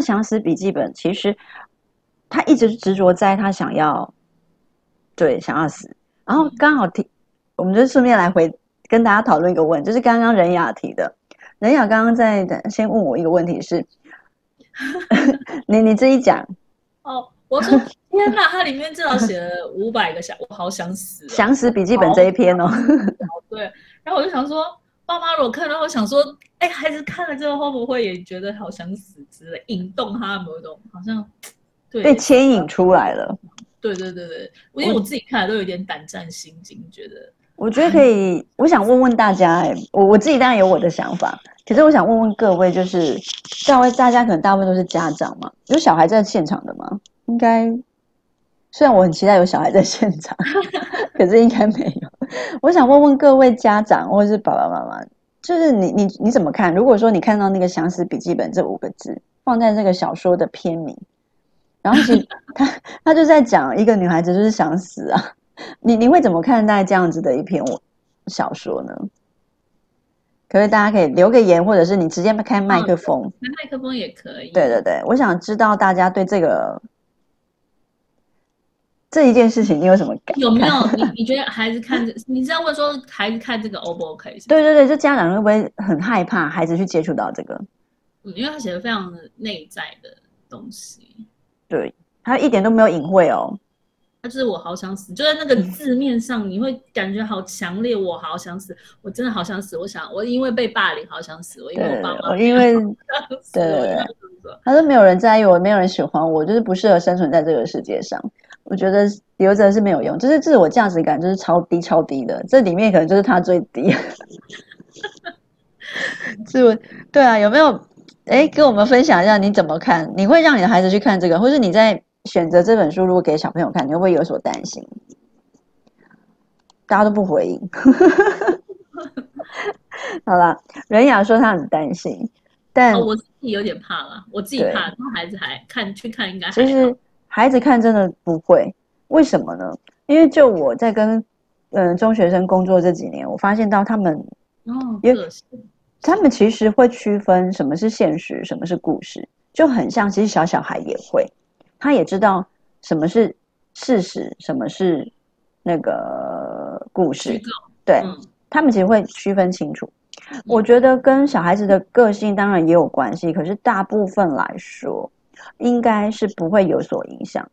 想死筆記本，其實他一直執着在他想要對想要死，然後剛好提，我們就順便來回跟大家討論一個問題，就是剛剛任雅提的，任雅剛剛在先問我一個問題是，是 你你自己講哦，我說天哪、啊，他裡面至少寫了五百個想， 我好想死，想死筆記本這一篇哦， 對，然後我就想說。爸媽，我看到想說，哎、欸，孩子看了之後會不會也覺得好想死之類，引動他的某種，好像對被牽引出來了。對、嗯、對對對，因為我自己看來都有點膽戰心驚、哦，覺得。我覺得可以，我想問問大家、欸，我我自己當然有我的想法，可是我想問問各位，就是各位大家可能大部分都是家長嘛，有小孩在現場的嗎？應該，雖然我很期待有小孩在現場， 可是應該沒有。我想問問各位家長，或者是爸爸媽媽，就是你你你怎麼看？如果說你看到那個“想死筆記本”這五個字放在這個小說的片名，然後是 他他就在講一個女孩子就是想死啊，你你會怎麼看待這樣子的一篇小說呢？可不可以大家可以留個言，或者是你直接開麥克風、哦，開麥克風也可以。對對對，我想知道大家對這個。這一件事情，你有什麼感覺？有沒有你？你覺得孩子看這？ 你這樣問說孩子看這個 O 不 O K？對對對，就家長會不會很害怕孩子去接觸到這個？嗯，因為他寫的非常內在的東西。對，他一點都沒有隱晦哦。他就是我好想死，就在那個字面上，你會感覺好強烈。 我，好想，我好想死，我真的好想死。我想，我因為被霸凌，好想死。我因為 我爸媽因為對對對，他說，沒有人在意我，沒有人喜歡我，我就是不適合生存在這個世界上。我覺得留着是沒有用，就是自我價值感就是超低超低的，這裡面可能就是他最低。自 對啊，有沒有？哎，跟我們分享一下你怎麼看？你會讓你的孩子去看這個，或是你在選擇這本書如果給小朋友看，你會不會有所擔心？大家都不回應。 好了，袁雅說她很擔心，但、哦、我自己有點怕了，我自己怕，但孩子還，還看去看應該還、就是。孩子看真的不會，為什麼呢？因為就我在跟嗯、呃、中學生工作這幾年，我發現到他們也、哦、他們其實會區分什麼是現實，什麼是故事，就很像其實小小孩也會，他也知道什麼是事實，什麼是那個故事，對、嗯，他們其實會區分清楚、嗯。我覺得跟小孩子的個性當然也有關係，可是大部分來說。應該是不會有所影響，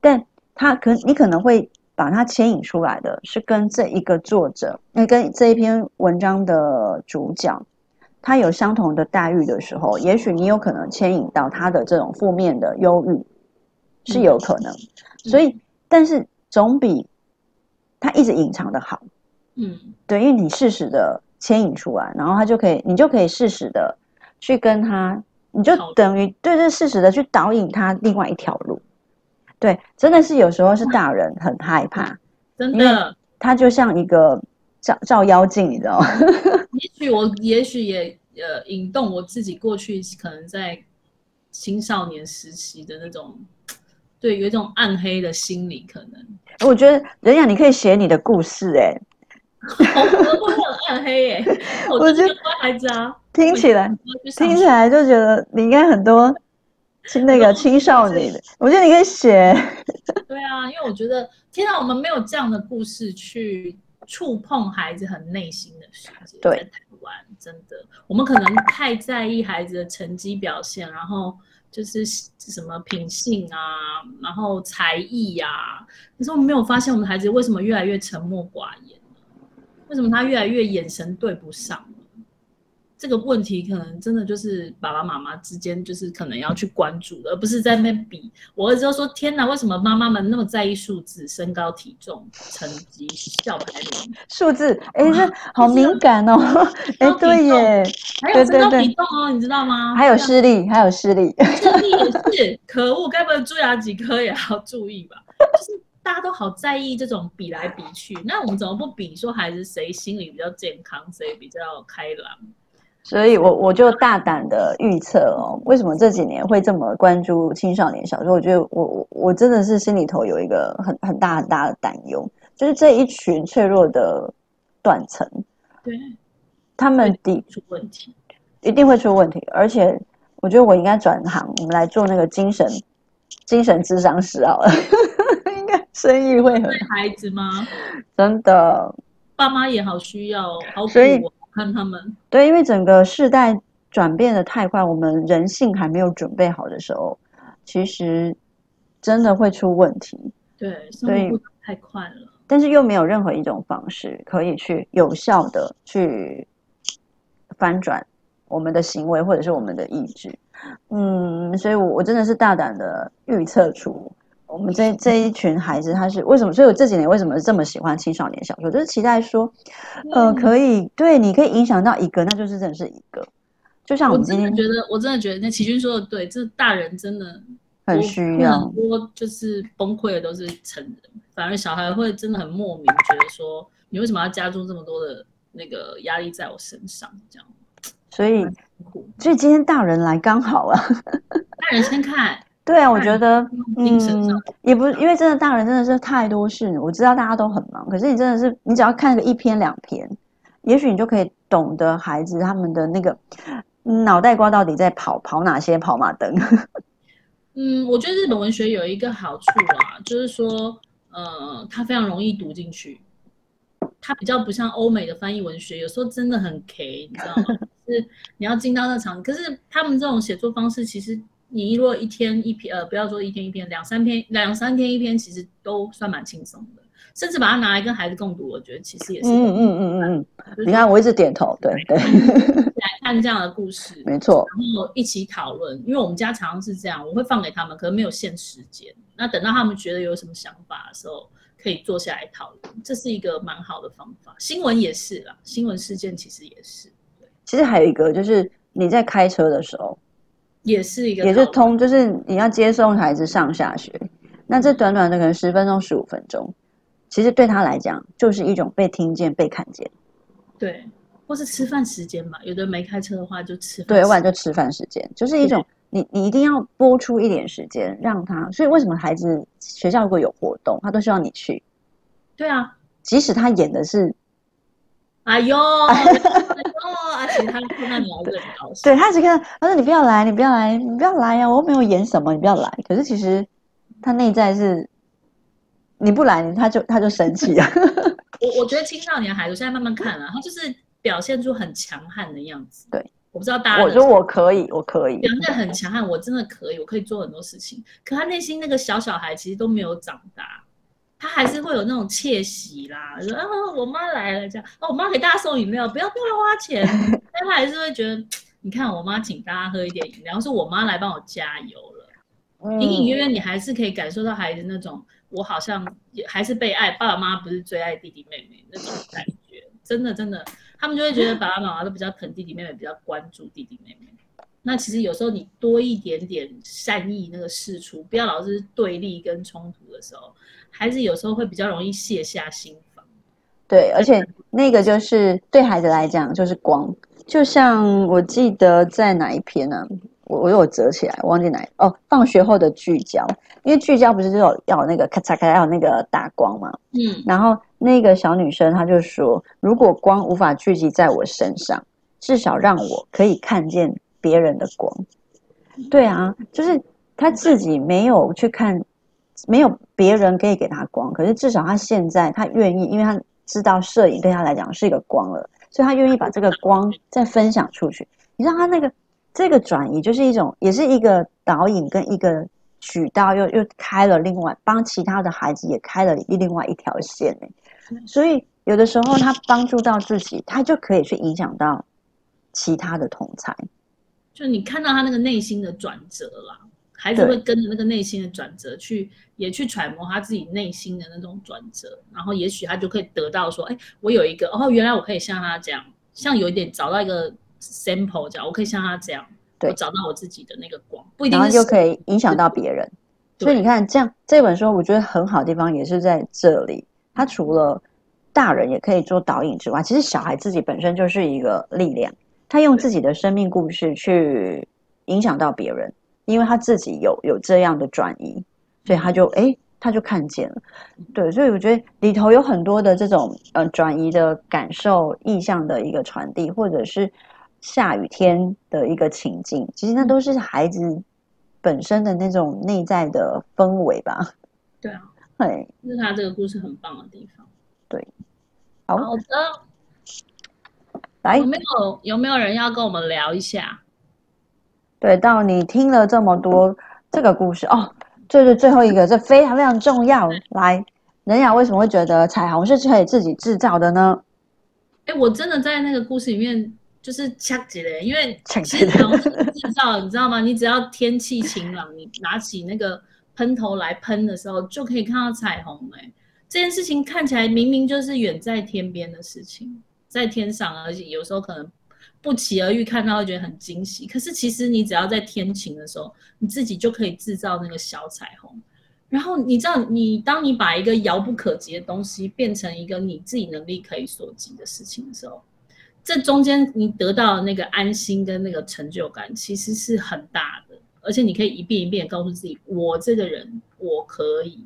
但他可你可能會把他牽引出來的是跟這一個作者，那跟這一篇文章的主角，他有相同的待遇的時候，也許你有可能牽引到他的這種負面的憂鬱，是有可能，嗯。所以，但是總比他一直隱藏的好。嗯，對，因為你適時的牽引出來，然後他就可以，你就可以適時的去跟他。你就等於對這事實的去導引他另外一條路，對，真的是有時候是大人很害怕，真的，他就像一個照照妖鏡，你知道嗎？也許我 也許也呃引動我自己過去可能在青少年時期的那種，對，有一種暗黑的心理，可能。我覺得人家你可以寫你的故事、欸，哎。會 不 會很暗黑耶、欸啊？我覺得乖孩子啊，聽起來聽起來就覺得你應該很多那個青少年的 我、就是。我覺得你可以寫。 對啊，因為我覺得現在我們沒有這樣的故事去觸碰孩子很內心的世界。對，在台灣真的，我們可能太在意孩子的成績表現，然後就是什麼品性啊，然後才藝啊，可是我們沒有發現，我們的孩子為什麼越來越沉默寡言？為什麼他越來越眼神對不上？這個問題可能真的就是爸爸媽媽之間，就是可能要去關注的，而不是在那邊比。我兒子都說：“天哪，為什麼媽媽們那麼在意數字、身高、體重、成績、校排名？數字哎，這、欸就是欸、好敏感哦！哎、就是欸，對耶對對對，還有身高體重哦對對對，你知道嗎？還有視力，還有視力，視力也是 可惡，該不會蛀牙幾顆也要注意吧？”就是大家都好在意這種比來比去，那我們怎麼不比說，還是誰心理比較健康，誰比較開朗？所以我，我我就大膽的預測哦，為什麼這幾年會這麼關注青少年小說？我覺得我，我我我真的是心裡頭有一個很很大很大的擔憂，就是這一群脆弱的斷層，對，他們底出問題，一定會出問題。而且，我覺得我應該轉行，我們來做那個精神精神諮商師好了。 生意會很對孩子嗎？真的，爸媽也好需要，好，所以，我看他們對，因為整個世代轉變得太快，我們人性還沒有準備好的時候，其實真的會出問題。對，所以太快了。但是又沒有任何一種方式可以去有效的去翻轉我們的行為或者是我們的意志。嗯，所以我我真的是大膽的預測出。我們這這一群孩子，他是為什麼？所以我這幾年為什麼這麼喜歡青少年小說？就是期待說，呃，可以對，你可以影響到一個，那就是真的是一個。就像我今天覺得，我真的覺得，那奇軍說的對，這大人真的很需要。很多就是崩潰的都是成人，反而小孩會真的很莫名覺得說，你為什麼要加重這麼多的那個壓力在我身上？這樣，所以，所以今天大人來剛好啊，大人先看。對啊，我覺得嗯是，也不因為真的大人真的是太多事，我知道大家都很忙，可是你真的是，你只要看個一篇兩篇，也許你就可以懂得孩子他們的那個腦袋瓜到底在跑跑哪些跑馬燈。嗯，我覺得日本文學有一個好處啊，就是說，呃，它非常容易讀進去，它比較不像歐美的翻譯文學，有時候真的很 K，你知道嗎？ 是你要進到那場，可是他們這種寫作方式其實。你如果一天一篇，呃，不要說一天一篇，兩三篇，兩三天一篇，其實都算蠻輕鬆的。甚至把它拿來跟孩子共讀，我覺得其實也是。嗯嗯嗯嗯嗯、就是。你看我一直點頭，對對。來看這樣的故事，沒錯。然後一起討論，因為我們家常常是這樣，我會放給他們，可能沒有限時間。那等到他們覺得有什麼想法的時候，可以坐下來討論，這是一個蠻好的方法。新聞也是啦，新聞事件其實也是。對。其實還有一個就是你在開車的時候。也是一個，也是通，就是你要接送孩子上下學，那這短短的可能十分鐘、十五分鐘，其實對他來講就是一種被聽見、被看見，對，或是吃飯時間吧。有的沒開車的話就吃，對，晚就吃飯時間，就是一種你你一定要撥出一點時間讓他。所以為什麼孩子學校如果有活動，他都需要你去？對啊，即使他演的是，哎呦。 他 其實他看到你來就很高興。對，他只看他，他說你不要來，你不要來，你不要來呀、啊！我又沒有演什麼，你不要來。可是其實他內在是，你不來，他就他就生氣啊。 我我覺得青少年孩子我現在慢慢看了，他就是表現出很強悍的樣子。對， 我不知道大家，我說我可以，我可以，表現很強悍，我真的可以，我可以做很多事情。 可，事情可他內心那個小小孩其實都沒有長大。他還是會有那種竊喜啦，說啊，我媽來了這樣，哦，我媽給大家送飲料，不要不要花錢。 但他還是會覺得，你看，我媽請大家喝一點飲料，是我媽來幫我加油了。隱隱約約，你還是可以感受到孩子那種，我好像也還是被愛，爸爸媽媽不是最愛弟弟妹妹那種感覺，真的真的，他們就會覺得爸爸媽媽都比較疼弟弟妹妹，比較關注弟弟妹妹。那其實有時候你多一點點善意，那個釋出，不要老是對立跟衝突的時候，孩子有時候會比較容易卸下心防。對，而且那個就是對孩子來講就是光，就像我記得在哪一篇呢？我我有折起來，我忘記哪一哦。放學後的聚焦，因為聚焦不是只有要那個咔嚓咔嚓，要有那個打光嘛？嗯。然後那個小女生她就說：“如果光無法聚集在我身上，至少讓我可以看見。”別人的光，對啊，就是他自己沒有去看，沒有別人可以給他光，可是至少他現在他願意，因為他知道攝影對他來講是一個光了，所以他願意把這個光再分享出去。你知道他那個這個轉移就是一種，也是一個導引跟一個渠道，又又開了另外，幫其他的孩子也開了另外一條線呢。所以有的時候他幫助到自己，他就可以去影響到其他的同儕。就你看到他那個內心的轉折了，孩子會跟着那個內心的轉折去，也去揣摩他自己內心的那種轉折，然後也許他就可以得到說，哎，我有一個，哦，原來我可以像他這樣，像有一點找到一個 sample，這樣，我可以像他這樣，對，我找到我自己的那個光，不一定就可以影響到別人。 所以你看，這樣，這本書我覺得很好的地方也是在這裡，他除了大人也可以做導引之外，其實小孩自己本身就是一個力量。他用自己的生命故事去影響到別人，因為他自己有有這樣的轉移，所以他就誒，他就看見了。對，所以我覺得裡頭有很多的這種呃轉移的感受意象的一個傳遞，或者是下雨天的一個情境，其實那都是孩子本身的那種內在的氛圍吧。對啊，哎，因為他這個故事很棒的地方。對，好的。好。來，有沒有有沒有人要跟我們聊一下？對，到你聽了這麼多這個故事哦，最、就、最、是、最後一個，這非常非常重要。 來，人家為什麼會覺得彩虹是可以自己制造的呢？哎、欸，我真的在那個故事裡面就是掐的人，因為其實彩虹制造，你知道嗎？你只要天氣晴朗，你拿起那個噴頭來噴的時候，就可以看到彩虹、欸。哎，這件事情看起來明明就是遠在天邊的事情。在天上，而且有時候可能不期而遇，看到會覺得很驚喜。可是其實你只要在天晴的時候，你自己就可以制造那個小彩虹。然後你知道，你當你把一個遙不可及的東西變成一個你自己能力可以所及的事情的時候，這中間你得到的那個安心跟那個成就感其實是很大的。而且你可以一遍一遍告訴自己，我這個人我可以。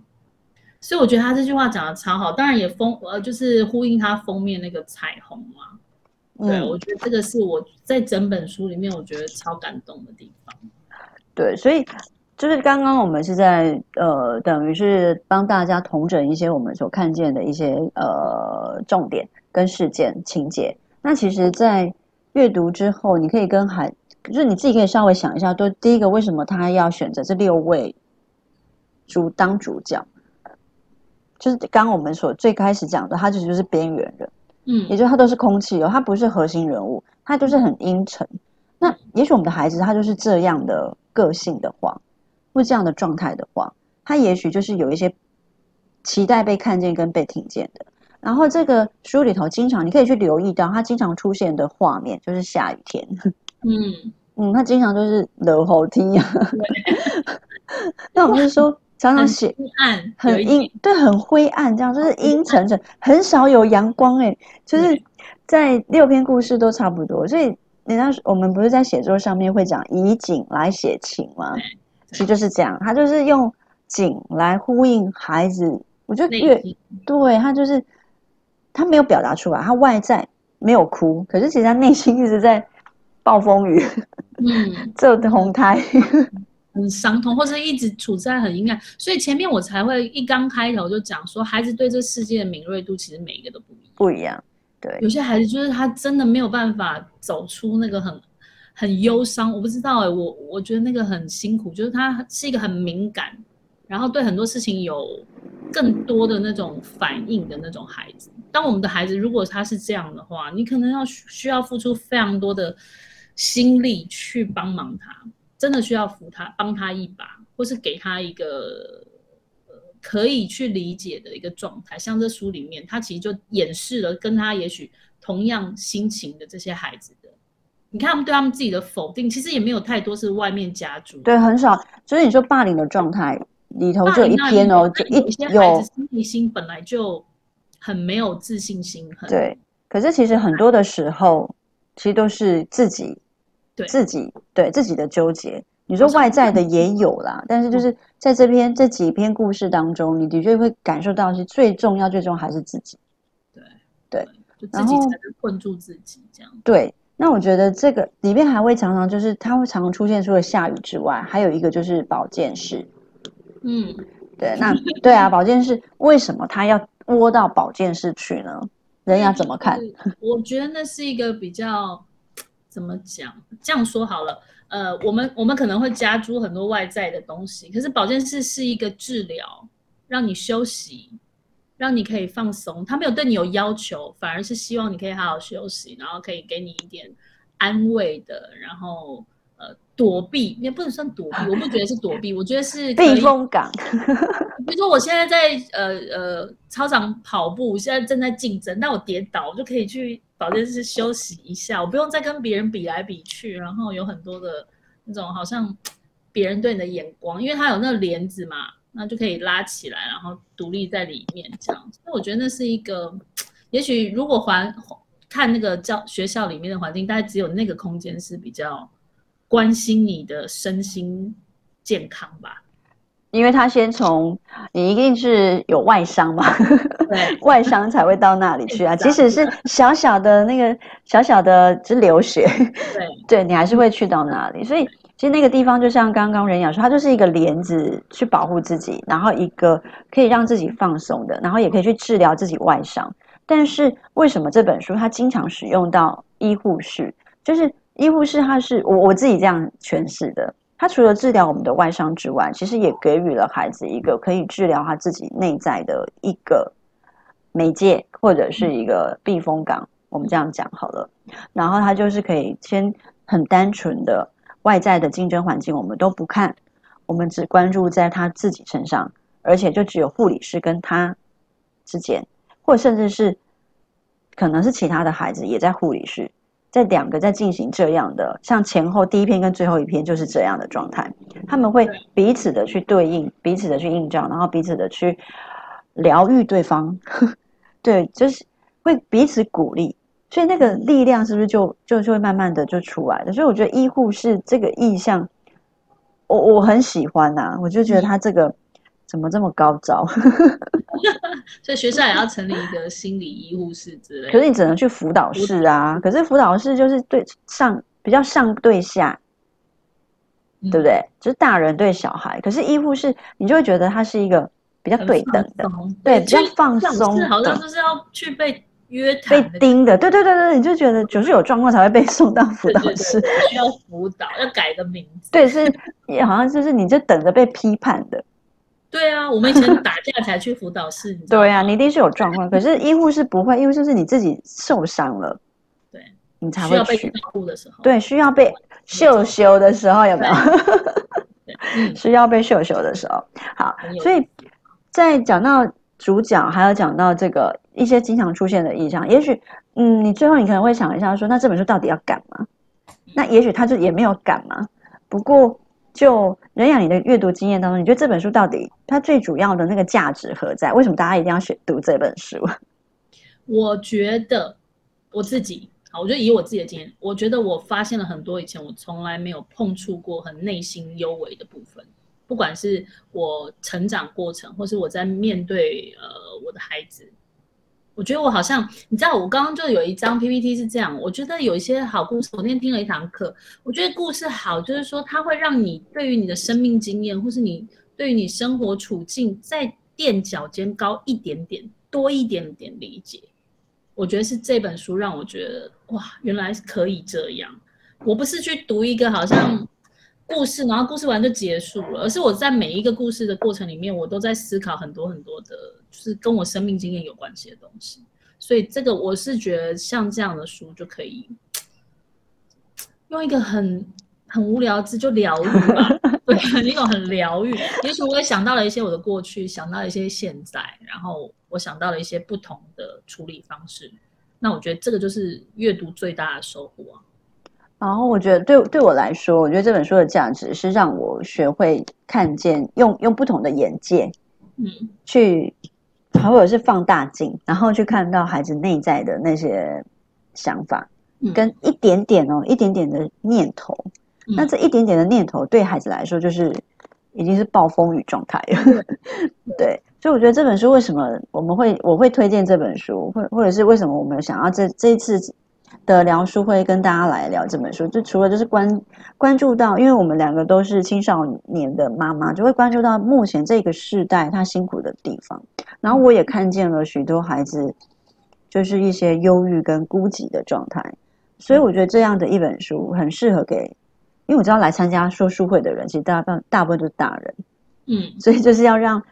所以我覺得他這句話講的超好，當然也封呃，就是呼應他封面那個彩虹嘛。對、嗯，我覺得這個是我在整本書裡面我覺得超感動的地方。對，所以就是剛剛我們是在呃，等於是幫大家統整一些我們所看見的一些呃重點跟事件情節。那其實，在閱讀之後，你可以跟孩，就是你自己可以稍微想一下，都第一個為什麼他要選擇這六位主，主當主角。就是剛剛我們所最開始講的，他其實就是邊緣人，嗯，也就是他都是空氣哦，他不是核心人物，他就是很陰沉。那也許我們的孩子他就是這樣的個性的話，或這樣的狀態的話，他也許就是有一些期待被看見跟被聽見的。然後這個書裡頭經常你可以去留意到，他經常出現的畫面就是下雨天，嗯嗯，他經常就是冷好聽呀。 那我們就說。 常常寫暗，很陰，對，很灰暗，這樣就是陰沉沉，很少有陽光，欸。誒就是在六篇故事都差不多。所以你那時我們不是在寫作上面會講以景來寫情嗎？所以就是這樣，他就是用景來呼應孩子。我覺得，因為對他就是他沒有表達出來，他外在沒有哭，可是其實他內心一直在暴風雨，嗯，這紅胎、嗯。很傷痛，或是一直處在很敏感，所以前面我才會一剛開頭就講說，孩子對這世界的敏銳度其實每一個都不一樣。不一樣，對，有些孩子就是他真的沒有辦法走出那個很很憂傷，我不知道哎、欸，我我覺得那個很辛苦，就是他是一個很敏感，然後對很多事情有更多的那種反應的那種孩子。當我們的孩子如果他是這樣的話，你可能要需要付出非常多的心力去幫忙他。真的需要扶他、幫他一把，或是給他一個、呃、可以去理解的一個狀態。像這書裡面，他其實就演示了跟他也許同樣心情的這些孩子的，你看他們對他們自己的否定，其實也沒有太多是外面家族。對，很少。所以你說霸凌的狀態裡頭就一、喔，霸凌、啊、那哦，就一些孩子內心，心本來就很沒有自信心很，對。可是其實很多的時候，其實都是自己。對自己對自己的糾結，你說外在的也有啦，但是就是在這篇、嗯、這幾篇故事當中，你的確會感受到是最重要，最重要還是自己。對對然後，就自己才能困住自己這樣。對，那我覺得這個裡面還會常常就是，它會常常出現，除了下雨之外，還有一個就是保健室。嗯，對，那、嗯、對啊，保健室為什麼他要窩到保健室去呢？嗯、人要怎麼看？我覺得那是一個比較。怎麼講？這樣說好了，呃，我們我們可能會加諸很多外在的東西，可是保健室是一個治療，讓你休息，讓你可以放鬆。他沒有對你有要求，反而是希望你可以好好休息，然後可以給你一點安慰的，然後呃躲避，也不能算躲避， 我不覺得是躲避，我覺得是避風港。 比如說我現在在呃呃操場跑步，現在正在競爭，但我跌倒，我就可以去保健室休息一下，我不用再跟別人比來比去，然後有很多的那種好像別人對你的眼光，因為他有那個簾子嘛，那就可以拉起來，然後獨立在裡面這樣子，那我覺得那是一個，也許如果環看那個教學校裡面的環境，大概只有那個空間是比較關心你的身心健康吧。因為他先從你一定是有外傷嘛， 外傷才會到那裡去啊， 即使是小小的那個小小的只流血，對, 對，你還是會去到那裡。所以其實那個地方就像剛剛人講說，它就是一個簾子去保護自己，然後一個可以讓自己放鬆的，然後也可以去治療自己外傷。但是為什麼這本書它經常使用到醫護室？就是醫護室，它是我我自己這樣詮釋的。他除了治療我們的外傷之外，其實也給予了孩子一個可以治療他自己內在的一個媒介，或者是一個避風港，嗯。我們這樣講好了，然後他就是可以先很單純的外在的競爭環境我們都不看，我們只關注在他自己身上，而且就只有護理師跟他之間，或甚至是可能是其他的孩子也在護理室，在兩個在進行這樣的，像前後第一篇跟最後一篇就是這樣的狀態，他們會彼此的去對應，對彼此的去映照，然後彼此的去療癒對方， 對，就是會彼此鼓勵，所以那個力量是不是就就就會慢慢的就出來了？所以我覺得醫護是這個意象。我我很喜歡吶、啊，我就覺得他這個。嗯怎麼這麼高招？ 所以學校也要成立一個心理醫務室之類的。可是你只能去輔導室啊。輔可是輔導室就是對上比較上對下，對不對、嗯？就是大人對小孩。可是醫護室你就會覺得它是一個比較對等的，對比較放鬆。好像就是要去被約談、被盯的。對對對對，你就覺得就是有狀況才會被送到輔導室，要 輔導， 要改個名字。對，是好像就是你就等着被批判的。對啊，我們以前打架才去輔導室。 對啊，你一定是有狀況， 可是醫護是不會，醫護就是你自己受傷了，對，你才會去哭的時候，對，需要被秀秀的時候有沒有？嗯、 需要被秀秀的時候，好，所以在講到主角，還有講到這個一些經常出現的意象，也許，嗯，你最後你可能會想一下說，說那這本書到底要幹嗎、嗯？那也許他就也沒有幹嘛，不過。就人雅，你的閱讀經驗當中，你覺得這本書到底它最主要的那個價值何在？為什麼大家一定要選讀這本書？我覺得我自己啊，我覺得以我自己的經驗，我覺得我發現了很多以前我從來沒有碰觸過很內心幽微的部分，不管是我成長過程，或是我在面對呃我的孩子。我覺得我好像，你知道，我剛剛就有一張 PPT 是這樣。我覺得有一些好故事。我昨天聽了一堂課，我覺得故事好，就是說它會讓你對於你的生命經驗，或是你對於你生活處境，再墊腳尖高一點點，多一點點理解。我覺得是這本書讓我覺得，哇，原來可以這樣。我不是去讀一個好像故事，然後故事完就結束了，而是我在每一個故事的過程裡面，我都在思考很多很多的。是跟我生命經驗有關係的東西，所以這個我是覺得像這樣的書就可以用一個很很無聊的字就療癒了，對，那種很療癒。也許我也想到了一些我的過去，想到一些現在，然後我想到了一些不同的處理方式。那我覺得這個就是閱讀最大的收穫啊。然後我覺得對對我來說，我覺得這本書的價值是讓我學會看見，用用不同的眼界，嗯，去。或者是放大鏡，然後去看到孩子內在的那些想法，跟一點點哦，一點點的念頭。那這一點點的念頭，對孩子來說，就是已經是暴風雨狀態了。 對，所以我覺得這本書為什麼我們會我會推薦這本書，或或者是為什麼我們想要這這一次。的聊書會跟大家來聊這本書，就除了就是關關注到，因為我們兩個都是青少年的媽媽，就會關注到目前這個世代他辛苦的地方。然後我也看見了許多孩子，就是一些憂鬱跟孤寂的狀態。所以我覺得這樣的一本書很適合給，因為我知道來參加說書會的人，其實大半大大部分都是大人，嗯，所以就是要讓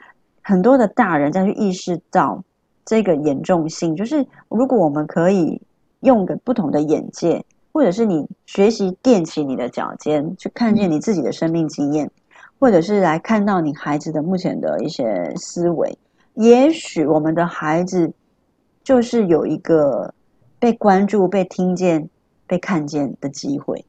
很多的大人再去意識到這個嚴重性。就是如果我們可以。用個不同的眼界，或者是你學習踮起你的腳尖去看見你自己的生命經驗，或者是來看到你孩子的目前的一些思維。也許我們的孩子就是有一個被關注、被聽見、被看見的機會。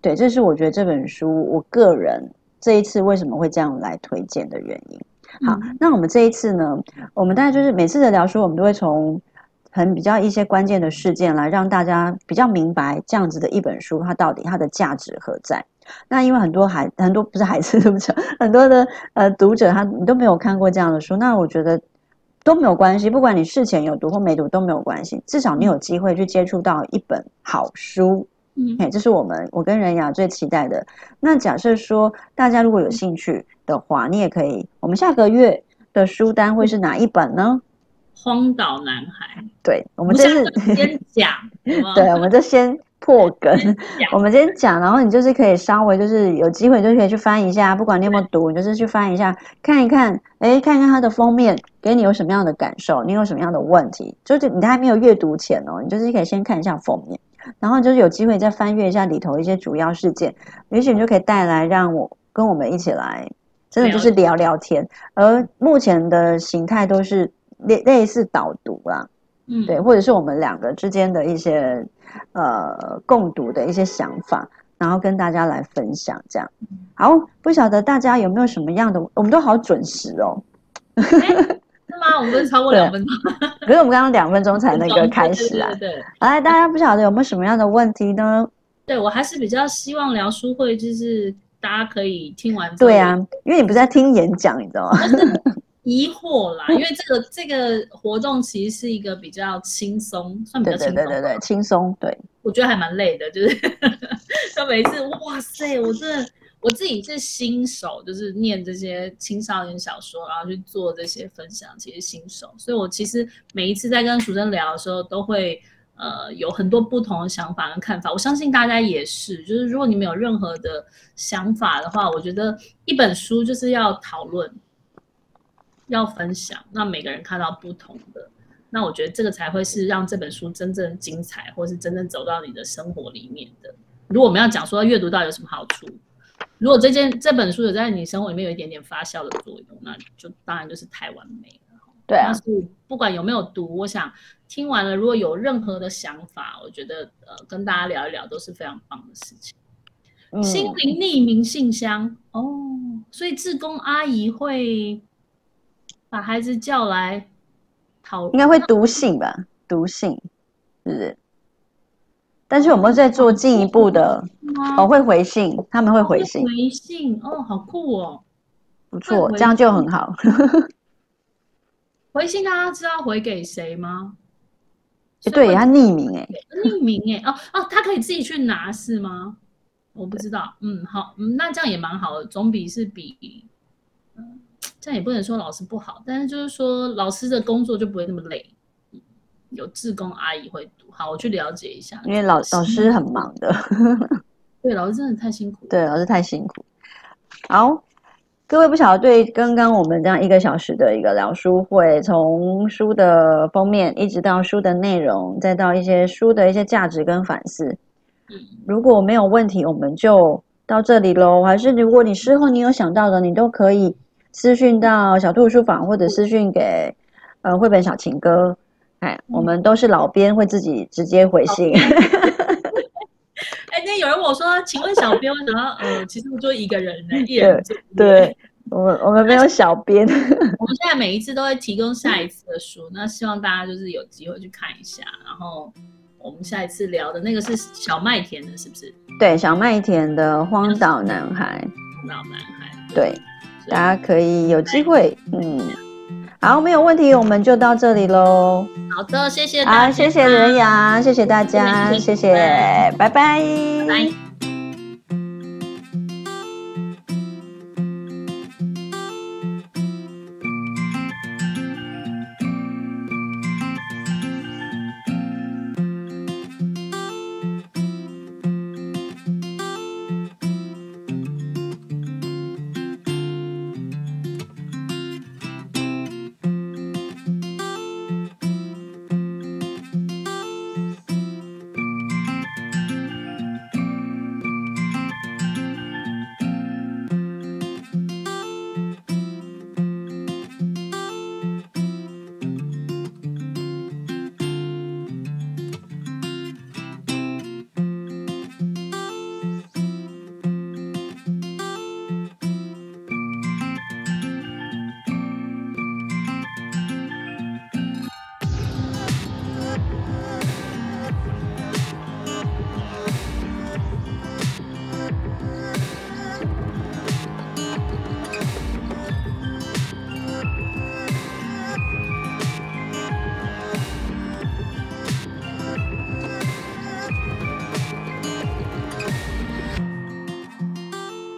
對，這是我覺得這本書我個人這一次為什麼會這樣來推薦的原因。好、嗯，那我們這一次呢，我們大概就是每次的聊書，我們都會從。很比較一些關鍵的事件，來讓大家比較明白這樣子的一本書，它到底它的價值何在。那因為很多孩，很多不是孩子，是不是很多的呃讀者，他你都沒有看過這樣的書，那我覺得都沒有關係，不管你事前有讀或沒讀都沒有關係，至少你有機會去接觸到一本好書。嗯，哎，這是我們我跟人雅最期待的。那假設說大家如果有興趣的話，你也可以。我們下個月的書單會是哪一本呢？荒島男孩，對，我們就是先講， 對，我們就先破梗。 我們先講，然後你就是可以稍微就是有機會就可以去翻一下，不管你有沒有讀，你就是去翻一下，看一看，哎，看一看它的封面，給你有什麼樣的感受，你有什麼樣的問題，就是你還沒有閱讀前哦，你就是可以先看一下封面，然後就是有機會再翻閱一下裡頭一些主要事件，也許你就可以帶來讓我跟我們一起來，真的就是聊聊天。而目前的形態都是。類類似導讀啦，嗯，對，或者是我們兩個之間的一些、嗯、呃共讀的一些想法，然後跟大家來分享，這樣。好，不曉得大家有沒有什麼樣的，我們都好準時哦，欸、 是嗎？我們都超過兩分鐘，可是 我們剛剛兩分鐘才那個開始啊，對對，對，好，來。大家不曉得有沒有什麼樣的問題呢？對我還是比較希望聊書會，就是大家可以聽完對啊，因為你不是在聽演講，你知道嗎？ 疑惑啦，因為這個這個活動其實是一個比較輕鬆，算比較輕鬆，對，對，對，對輕鬆。對我覺得還蠻累的，就是， 就每一次，哇塞，我真的我自己是新手，就是念這些青少年小說，然後去做這些分享，其實新手。所以我其實每一次在跟淑珍聊的時候，都會呃有很多不同的想法跟看法。我相信大家也是，就是如果你沒有任何的想法的話，我覺得一本書就是要討論。要分享，那每個人看到不同的，那我覺得這個才會是讓這本書真正精彩，或是真正走到你的生活裡面的。如果我們要講說要閱讀到有什麼好處，如果這件這本書有在你生活裡面有一點點發酵的作用，那就當然就是太完美了。對啊，但是不管有沒有讀，我想聽完了如果有任何的想法，我覺得呃跟大家聊一聊都是非常棒的事情。嗯、心靈匿名信箱哦，所以志工阿姨會。把孩子叫來，好，應該會讀信吧？讀信，是不是？但是我們會再做進一步的？哦，會回信，他們會回信。哦、回信哦，好酷哦！不錯，這樣就很好。回信大家知道回給誰嗎？欸、對他匿名哎、欸， 匿名哎、欸，哦哦，他可以自己去拿是嗎？我不知道，嗯，好嗯，那這樣也蠻好的，總比是比，嗯但也不能說老師不好，但是就是說老師的工作就不會那麼累，有志工阿姨會讀。好，我去了解一下，因為老師老師很忙的。 對，老師真的太辛苦。對，老師太辛苦。好，各位不曉得對剛剛我們這樣一個小時的一個聊書會，從書的封面一直到書的內容，再到一些書的一些價值跟反思。嗯，如果沒有問題，我們就到這裡嘍。還是如果你事後你有想到的，你都可以。.私訊到小兔書房，或者私訊給、嗯、呃繪本小情歌，哎，嗯、我們都是老編會自己直接回信。哎、哦 欸，那有人問我說，請問小編，然、呃、其實我就一、欸、 一,一個人，一對，對，我我們沒有小編、啊，我們現在每一次都會提供下一次的書， 那希望大家就是有機會去看一下。然後我們下一次聊的那個是小麥田的，是不是？對，小麥田的《荒島男孩》。荒島男孩，對。大家可以有機會，嗯，好，沒有問題，我們就到這裡嘍。好的，謝謝啊，謝謝人牙，謝謝大家，謝謝，拜拜，拜，拜。拜拜。